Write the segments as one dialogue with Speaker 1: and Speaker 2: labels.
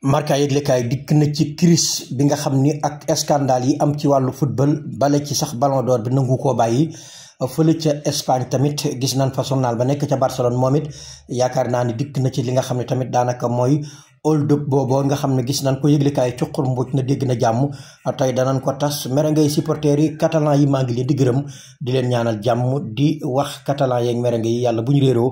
Speaker 1: Marca yëglekaay dikk na ci crise bi nga xam ni ak scandale yi am ci wàllu football bale ci sax ballon d'or bi nangu koo bàyyi fële ca Espagne tamit gis nañ fa journal ba nekk ca Barcelone moom it yaakaar naa ni dikk na ci li nga xam ne tamit daanaka mooy hold up booboo nga xam ne gis nañ ko yëglekaay cuqur mbuuj na dégg na jàmm a tey danañ ko tas mere ngay supporters yi catalan yi maa ngi leen di gërëm di leen ñaanal jàmm di wax catalan yeeg mere nga yàlla bu ñu réeroo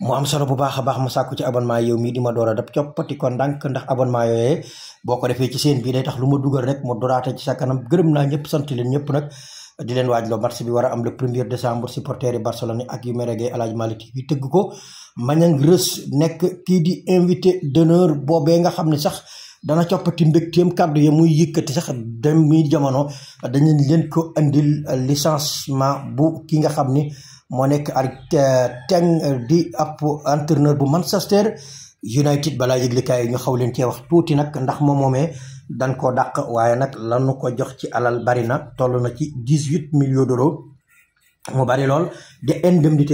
Speaker 1: mu am solo bu baax a baax ma sàkku ci abonnement yow mii di ma door a dab coppati ko ndànk ndax abonnement yooyee boo ko defee ci seen bii day tax lu ma dugal rek mu doraate ci sa kanam gërëm naa ñëpp sant leen ñëpp nag di leen waaj loo match bi war a am le premier décembre supporters yi Barcelone ak yu merege El Hadj Malick bi tëgg ko ma Mañang Reus nekk kii di invité d'honneur boobee nga xam ne sax dana coppati mbégteem kàddu ya muy yëkkati sax dem mi jamono dañu leen ko indil licenciement bu ki nga xam ni moo nekk ak euh, teng di ab entraîneur bu Manchester United balaa yëglikaay yi ñu xaw leen cee wax tuuti nag ndax moo moomee dan koo daq waaye nag lanu ko jox ci alal bari na toll na ci dix-huit millions de mu bari lool di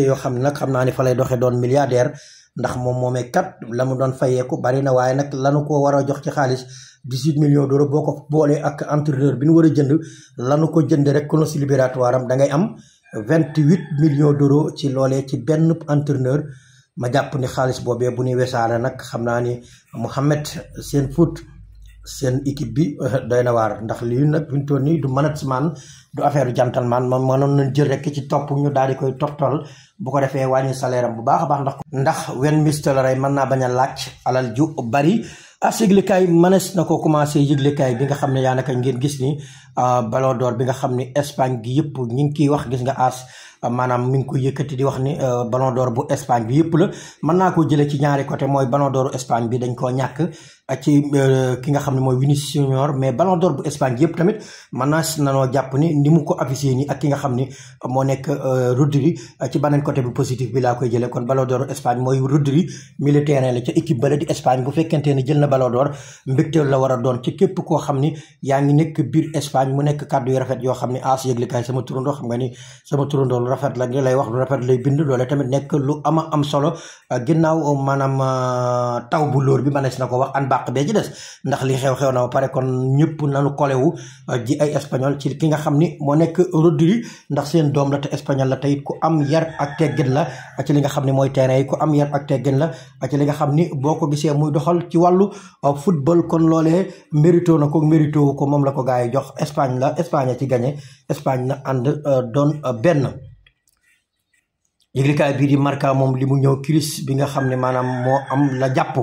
Speaker 1: yoo xam ne nag xam naa ne fa doxee doon milliardaire ndax moom moomee kat la mu doon fayeeku bari na waaye nag lanu ko war a jox ci xaalis 18 millions d'euros boo ko boolee ak entraîneur bi nu war a jënd lanu ko jënd rek congé libératoire am dangay am vingt huit millions d'euros ci loolee ci benn entraîneur ma jàpp ni xaalis boobee bu ñuy wesaare nag xam naa ni Mouhamed seen foot seen équipe bi euh, doy na waar ndax lii nag fi mu nii du management du affaire gentleman man mënoon nañ jël rek ci topp ñu daal di koy toftal bu ko defee wàññi salaire am bu baax a baax ndax. ndax wen mister la rey mën naa bañ a laaj alal ju bari. as ah, yëglekaay mënees na ko commencé yëglekaay bi nga xam ne yaa naka ngeen gis ni ah, ballon d'or bi nga xam ne Espagne gi yëpp ñu ngi kiy wax gis nga as maanaam mi ngi koy yëkkati di wax ni euh, ballon d'or bu Espagne bi yëpp la mën naa koo jëlee ci ñaari côté mooy ballon d'or bu Espagne bi dañ koo ñàkk euh, euh, ki nga xam ne mooy Vinicius Junior mais ballon d'or bu Espagne bi yëpp tamit mën naa si nanoo jàpp ni ni mu ko ki nga xam ni moo nekk Rodri ci beneen côté bu positif bi laa koy jëlee kon ballon d'or Espagne mooy Rodri milieu terrain la ca équipe bala Espagne bu fekkente ne jël na ballon d'or la war a doon ci képp koo xam ni yaa ngi nekk biir Espagne mu nekk kàddu yu rafet yoo xam ne as ah, yëglikaay sama turandoo xam nga ni sama turandoo rafet la ngi lay wax lu rafet lay bind loole tamit nekk lu ama am solo ginnaaw maanaam euh, taw bu lóor bi manees na ko wax an bàq bee ci des ndax li xew-xew na ba pare kon ñëpp nanu kolewu euh, ji ay espagnol ci ki nga xam ni moo nekk Rodri ndax seen doom la te espagnol la tey ku am yar ak teggin la ci li nga xam ne mooy terrain ku am yar ak teggin la ci li nga xam ni boo ko gisee muy doxal ci wàllu euh, football kon loole mérito na ko mérito ko moom la ko gars yi jox Espagne la Espagne ci gagné Espagne na ànd doon benn yëglikaay bii di Marca moom li mu ñëw crise bi nga xam ne maanaam moo am la jàpp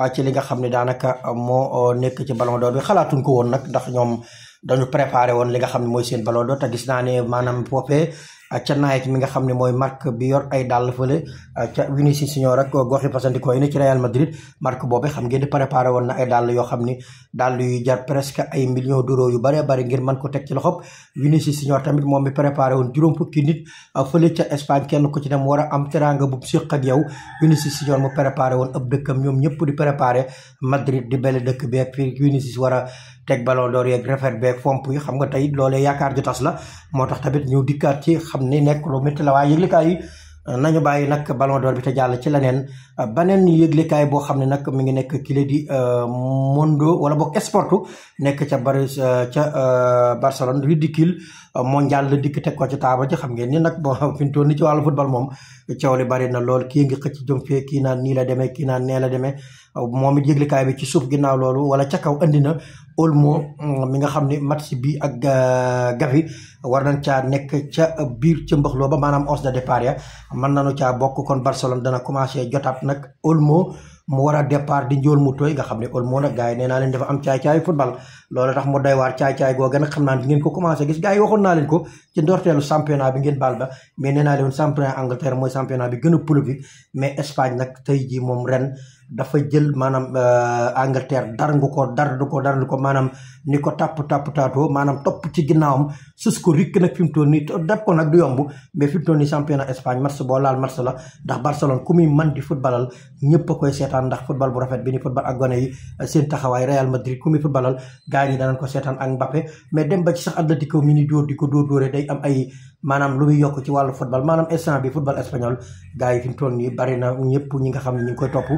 Speaker 1: ah, ci li nga xam ne daanaka moo euh, nekk ci ballon d'or bi xalaatuñ ko woon nag ndax ñoom dañu préparer woon li nga xam ne mooy seen ballon d'or te gis naa ne maanaam foofee ca Nike mi nga xam ne mooy marque bi yor ay dàll fële euh, ca Vinicius Junior ak gox yi fasantikoo yi ne ci Real Madrid marque boobu xam ngeen di préparé woon na ay dàll yoo xam ni dàll yu jar presque ay millions d'euros yu bëree bëri ngir mën ko teg ci loxob Vinicius Junior tamit moom mi préparé woon juróom fukki nit euh, fële ca Espagne kenn ku ci dem war a am teranga bu siq ak yow Vinicius Junior mu préparé woon ab dëkkam ñoom ñëpp di préparé Madrid di belle dëkk bi ak Vinicius war a teg ballon door yee refer beeg fomp yi xam nga tey loolee yaakaar ju la moo tax tamit ñu dikkaat ci xam ni nekk lu métti la waaye yëglikaay yi nañu bàyyi nag ballon d'or bi te jàll ci leneen baneen yëglikaay boo xam ne nag mi ngi nekk kile di euh, Mondo wala boog Esportu nekk ca Paris euh, ca euh, Barcelone ridicule mondial la dikk te ko ci taaba ci xam ngeen ni nag bon fi mu toll ni ci wàllu football moom coow li bari na lool kii ngi xëcc jëm fee kii naa nii la demee kii naan nee la demee moom it yëglikaay bi ci suuf ginnaaw loolu wala ca kaw andina na Olmo mi nga xam ne match bii ak euh, Gavi war nañ caa nekk ca biir ca mbaxloo ba maanaam onze de départ ya mën nañu caa bokk kon Barcelone dana commencé jotaat nag Olmo mu war a départ di njool mu tooy nga xam ne kon moo nag gars yi nee naa leen dafa am caay-caayu football loolu tax mu doy waar caay-caay googu nag xam naa di ngeen ko commencé gis gars yi waxoon naa leen ko ci ndorteelu championnat bi ngeen baal ba mais nee naa leen championnat Angleterre mooy championnat bi gën a prolifique mais Espagne nag tey jii moom ren dafa jël maanaam euh, Angleterre dar ngu ko dar ngu ko dar ngu ko maanaam ni ko tàpp tàpp taatoo maanaam topp ci ginnaawam sus ko rikk na fi mu toll nii def ko nag du yomb mais fi mu toll nii championnat Espagne match boo laal match la ndax Barcelone ku muy man di footballal ñëpp a koy seetaan ndax football bu rafet bi ni football ak gone yi seen taxawaay Real Madrid ku muy footballal gars yi danañ ko seetaan ak Mbappé mais dem ba ci sax Atlético mi ni dóor di ko dóor dóore day am ay maanaam lu muy yokk ci wàllu football maanaam instant bi football espagnol gars yi fi nii bari na ñi nga xam ne ñu ngi koy topp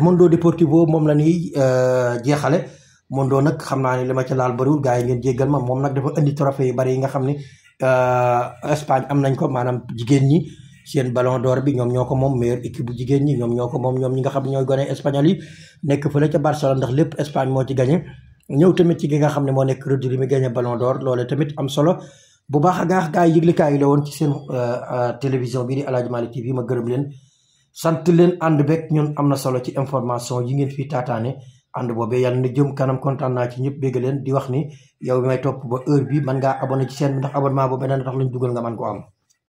Speaker 1: Mundo Deportivo moom la ñuy euh, jeexale Mundo nag xam naa ne li ma laal bëriwul gars yi ngeen jéggal ma moom nag dafa indi trophée yu bari yi nga xam ne euh, Espagne am nañ ko maanaam jigéen ñi seen ballon d'or bi ñoom ñoo ko moom meilleure équipe jigéen ñi ñoom ñoo ko moom ñoom ñi nga xam ne ñooy gone espagnol yi nekk fële ca Barcelone ndax lépp Espagne moo ci gagné ñëw tamit ci gi nga xam ne moo nekk Rodri mi gagné ballon d'or loole tamit am solo bu baax a gaax gaa yi yëglikaay yi la woon ci seen euh, euh, télévision bii di Aladji Malick TV ma gërëm leen sant leen ànd bek ñun am na solo ci information yi ngeen fi taataane ànd boobee yàlla na jëm kanam kontaan naa ci ñëpp bégg leen di wax ni yow bi may topp ba heure bi man ngaa abonné ci seen bi ndax abonnement boobu beneen tax lañ dugal nga mën ko am